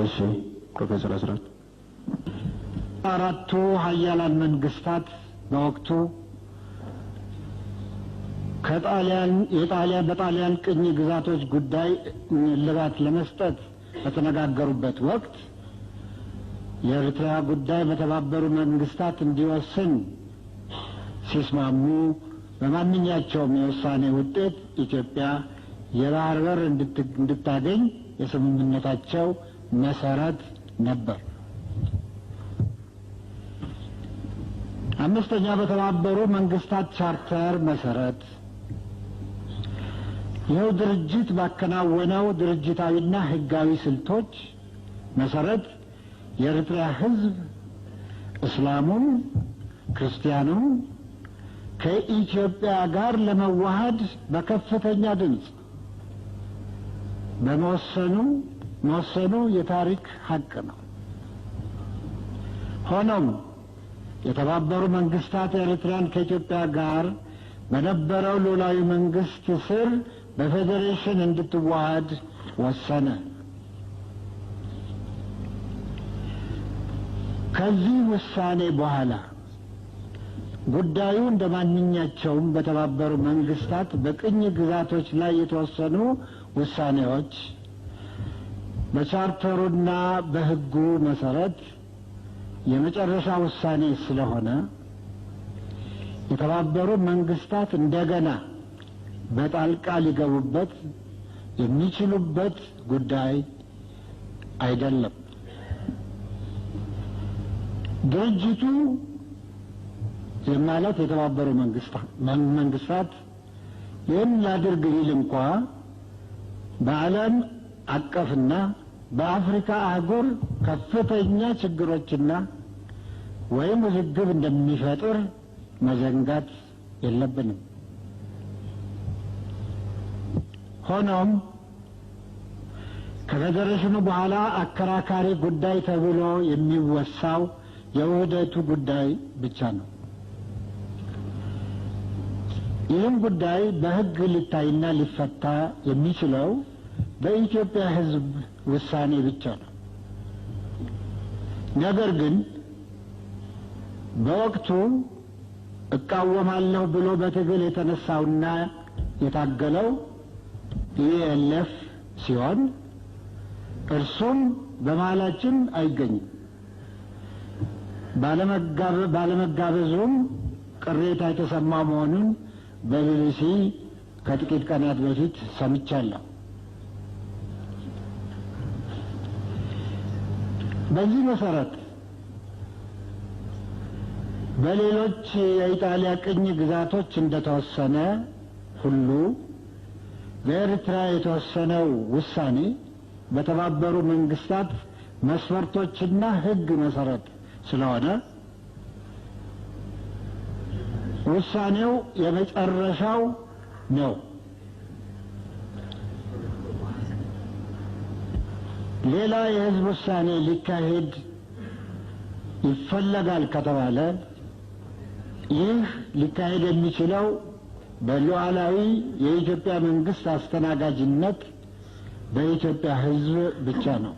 እሺ ፕሮፌሰር አስራት አራቱ ሀያላን መንግስታት በወቅቱ ከጣሊያን የጣሊያን በጣሊያን ቅኝ ግዛቶች ጉዳይ ልባት ለመስጠት በተነጋገሩበት ወቅት የኤርትራ ጉዳይ በተባበሩ መንግስታት እንዲወስን ሲስማሙ በማንኛቸውም የውሳኔ ውጤት ኢትዮጵያ የባህር በር እንድታገኝ የስምምነታቸው መሰረት ነበር። አምስተኛ በተባበሩ መንግስታት ቻርተር መሰረት ይኸው ድርጅት ባከናወነው ድርጅታዊና ህጋዊ ስልቶች መሰረት የኤርትራ ህዝብ እስላሙም ክርስቲያኑም ከኢትዮጵያ ጋር ለመዋሃድ በከፍተኛ ድምፅ በመወሰኑ መወሰኑ የታሪክ ሀቅ ነው። ሆኖም የተባበሩ መንግስታት ኤርትራን ከኢትዮጵያ ጋር በነበረው ሉላዊ መንግስት ስር በፌዴሬሽን እንድትዋሃድ ወሰነ። ከዚህ ውሳኔ በኋላ ጉዳዩ እንደ ማንኛቸውም በተባበሩ መንግስታት በቅኝ ግዛቶች ላይ የተወሰኑ ውሳኔዎች በቻርተሩና በሕጉ መሰረት የመጨረሻ ውሳኔ ስለሆነ የተባበሩ መንግስታት እንደገና በጣልቃ ሊገቡበት የሚችሉበት ጉዳይ አይደለም። ድርጅቱ የማለት የተባበሩ መንግስታት ይህን ላድርግ ሊል እንኳ በዓለም አቀፍና በአፍሪካ አህጉር ከፍተኛ ችግሮችና ወይም ውዝግብ እንደሚፈጥር መዘንጋት የለብንም። ሆኖም ከፌዴሬሽኑ በኋላ አከራካሪ ጉዳይ ተብሎ የሚወሳው የውህደቱ ጉዳይ ብቻ ነው። ይህም ጉዳይ በሕግ ሊታይና ሊፈታ የሚችለው በኢትዮጵያ ሕዝብ ውሳኔ ብቻ ነው። ነገር ግን በወቅቱ እቃወማለሁ ብሎ በትግል የተነሳውና የታገለው ኢኤልኤፍ ሲሆን እርሱም በመሀላችን አይገኝም። ባለመጋበዙም ቅሬታ የተሰማ መሆኑን በቢቢሲ ከጥቂት ቀናት በፊት ሰምቻለሁ። በዚህ መሰረት በሌሎች የኢጣሊያ ቅኝ ግዛቶች እንደተወሰነ ሁሉ በኤርትራ የተወሰነው ውሳኔ በተባበሩ መንግስታት መስፈርቶችና ሕግ መሰረት ስለሆነ ውሳኔው የመጨረሻው ነው። ሌላ የህዝብ ውሳኔ ሊካሄድ ይፈለጋል ከተባለ ይህ ሊካሄድ የሚችለው በሉዓላዊ የኢትዮጵያ መንግስት አስተናጋጅነት በኢትዮጵያ ህዝብ ብቻ ነው።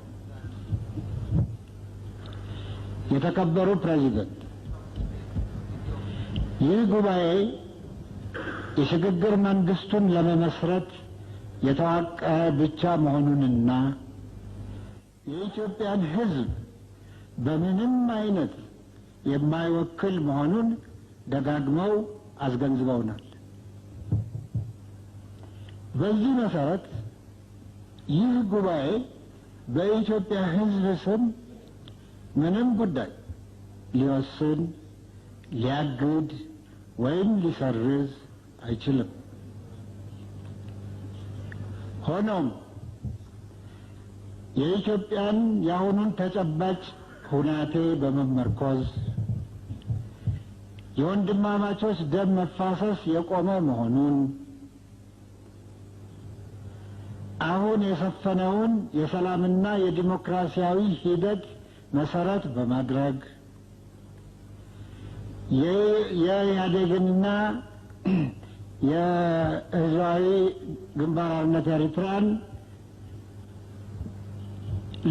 የተከበሩ ፕሬዚደንት፣ ይህ ጉባኤ የሽግግር መንግስቱን ለመመስረት የተዋቀ ብቻ መሆኑንና የኢትዮጵያን ሕዝብ በምንም አይነት የማይወክል መሆኑን ደጋግመው አስገንዝበውናል። በዚህ መሰረት ይህ ጉባኤ በኢትዮጵያ ሕዝብ ስም ምንም ጉዳይ ሊወስን፣ ሊያግድ ወይም ሊሰርዝ አይችልም። ሆኖም የኢትዮጵያን የአሁኑን ተጨባጭ ሁናቴ በመመርኮዝ የወንድማማቾች ደም መፋሰስ የቆመ መሆኑን አሁን የሰፈነውን የሰላምና የዲሞክራሲያዊ ሂደት መሰረት በማድረግ የኢህአዴግንና የህዝባዊ ግንባር ሓርነት ኤርትራን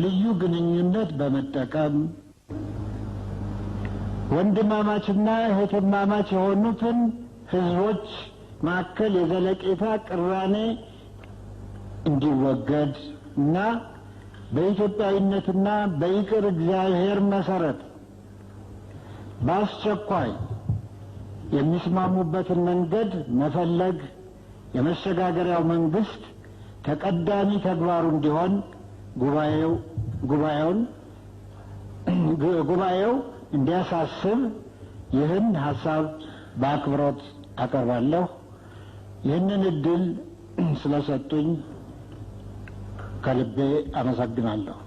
ልዩ ግንኙነት በመጠቀም ወንድማማችና እህትማማች የሆኑትን ህዝቦች መካከል የዘለቄታ ቅራኔ እንዲወገድ እና በኢትዮጵያዊነትና በይቅር እግዚአብሔር መሰረት በአስቸኳይ የሚስማሙበትን መንገድ መፈለግ የመሸጋገሪያው መንግስት ተቀዳሚ ተግባሩ እንዲሆን ጉባኤው ጉባኤውን ጉባኤው እንዲያሳስብ ይህን ሀሳብ በአክብሮት አቀርባለሁ። ይህንን እድል ስለሰጡኝ ከልቤ አመሰግናለሁ።